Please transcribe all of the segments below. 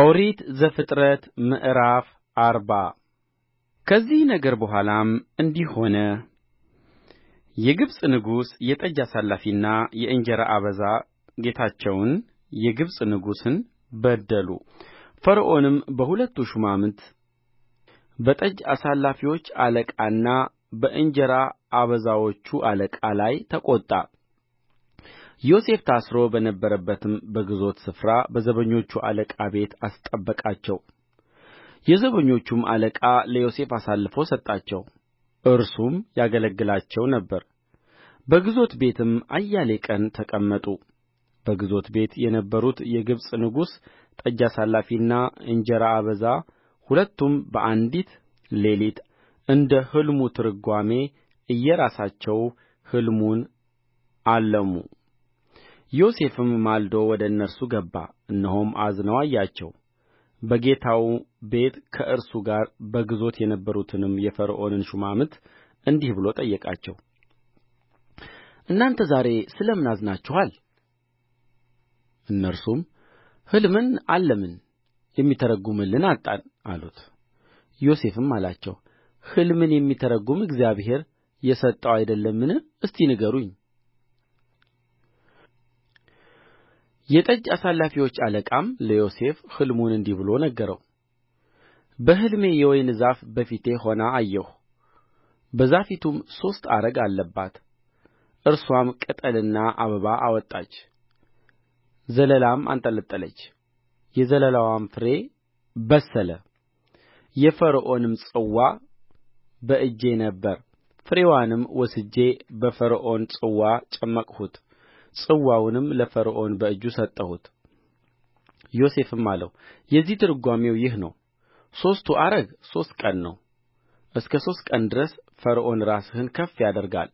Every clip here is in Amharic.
ኦሪት ዘፍጥረት ምዕራፍ አርባ ከዚህ ነገር በኋላም እንዲህ ሆነ የግብፅ ንጉሥ የጠጅ አሳላፊና የእንጀራ አበዛ ጌታቸውን የግብፅ ንጉሥን በደሉ ፈርዖንም በሁለቱ ሹማምት በጠጅ አሳላፊዎች አለቃና በእንጀራ አበዛዎቹ አለቃ ላይ ተቈጣ ዮሴፍ ታስሮ በነበረበትም በግዞት ስፍራ በዘበኞቹ አለቃ ቤት አስጠበቃቸው የዘበኞቹም አለቃ ለዮሴፍ አሳልፎ ሰጣቸው እርሱም ያገለግላቸው ነበር በግዞት ቤትም አያሌ ቀን ተቀመጡ በግዞት ቤት የነበሩት የግብፅ ንጉሥ ጠጅ አሳላፊና እንጀራ አበዛ ሁለቱም በአንዲት ሌሊት እንደ ሕልሙ ትርጓሜ እየራሳቸው ሕልሙን አለሙ ዮሴፍም ማልዶ ወደ እነርሱ ገባ እነሆም አዝነው አያቸው በጌታው ቤት ከእርሱ ጋር በግዞት የነበሩትንም የፈርዖንን ሹማምት እንዲህ ብሎ ጠየቃቸው እናንተ ዛሬ ስለ ምን አዝናችኋል እነርሱም ሕልምን አለምን የሚተረጕምልን አጣን አሉት ዮሴፍም አላቸው ሕልምን የሚተረጕም እግዚአብሔር የሰጠው አይደለምን እስቲ ንገሩኝ የጠጅ አሳላፊዎች አለቃም ለዮሴፍ ሕልሙን እንዲህ ብሎ ነገረው በሕልሜ የወይን ዛፍ በፊቴ ሆና አየሁ በዛፊቱም ሦስት አረግ አለባት እርስዋም ቅጠልና አበባ አወጣች ዘለላም አንጠለጠለች የዘለላዋም ፍሬ በሰለ የፈርዖንም ጽዋ በእጄ ነበረ ፍሬዋንም ወስጄ በፈርዖን ጽዋ ጨመቅሁት ጽዋውንም ለፈርዖን በእጁ ሰጠሁት ዮሴፍም አለው የዚህ ትርጓሜው ይህ ነው ሦስቱ አረግ ሦስት ቀን ነው እስከ ሦስት ቀን ድረስ ፈርዖን ራስህን ከፍ ያደርጋል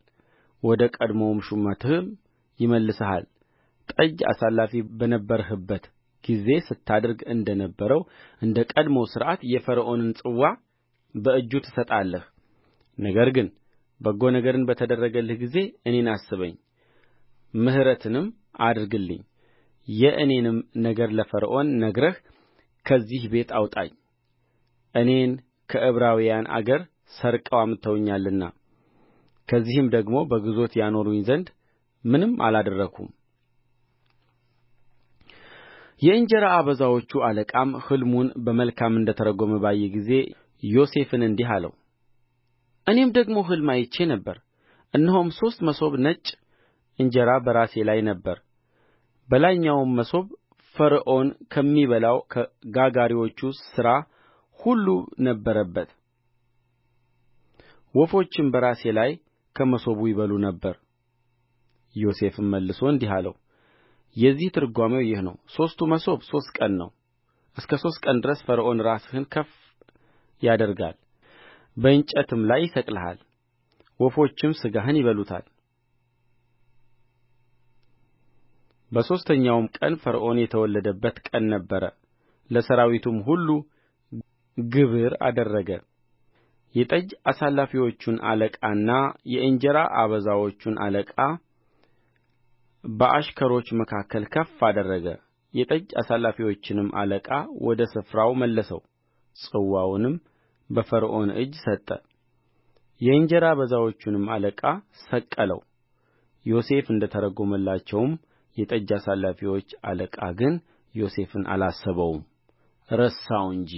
ወደ ቀድሞውም ሹመትህም ይመልስሃል ጠጅ አሳላፊ በነበርህበት ጊዜ ስታደርግ እንደ ነበረው እንደ ቀድሞው ሥርዓት የፈርዖንን ጽዋ በእጁ ትሰጣለህ ነገር ግን በጎ ነገርን በተደረገልህ ጊዜ እኔን አስበኝ ምሕረትንም አድርግልኝ የእኔንም ነገር ለፈርዖን ነግረህ ከዚህ ቤት አውጣኝ እኔን ከዕብራውያን አገር ሰርቀው አምጥተውኛልና ከዚህም ደግሞ በግዞት ያኖሩኝ ዘንድ ምንም አላደረግሁም የእንጀራ አበዛዎቹ አለቃም ሕልሙን በመልካም እንደ ተረጎመ ባየ ጊዜ ዮሴፍን እንዲህ አለው እኔም ደግሞ ሕልም አይቼ ነበር እነሆም ሦስት መሶብ ነጭ እንጀራ በራሴ ላይ ነበረ በላይኛውም መሶብ ፈርዖን ከሚበላው ከጋጋሪዎቹ ሥራ ሁሉ ነበረበት ወፎችም በራሴ ላይ ከመሶቡ ይበሉ ነበር ዮሴፍም መልሶ እንዲህ አለው የዚህ ትርጓሜው ይህ ነው ሦስቱ መሶብ ሦስት ቀን ነው እስከ ሦስት ቀን ድረስ ፈርዖን ራስህን ከፍ ያደርጋል በእንጨትም ላይ ይሰቅልሃል ወፎችም ሥጋህን ይበሉታል በሦስተኛውም ቀን ፈርዖን የተወለደበት ቀን ነበረ ለሠራዊቱም ሁሉ ግብር አደረገ የጠጅ አሳላፊዎቹን አለቃና የእንጀራ አበዛዎቹን አለቃ በአሽከሮች መካከል ከፍ አደረገ የጠጅ አሳላፊዎቹንም አለቃ ወደ ስፍራው መለሰው ጽዋውንም በፈርዖን እጅ ሰጠ የእንጀራ አበዛዎቹንም አለቃ ሰቀለው ዮሴፍ እንደ ተረጎመላቸውም የጠጅ አሳላፊዎች አለቃ ግን ዮሴፍን አላሰበውም ረሳው እንጂ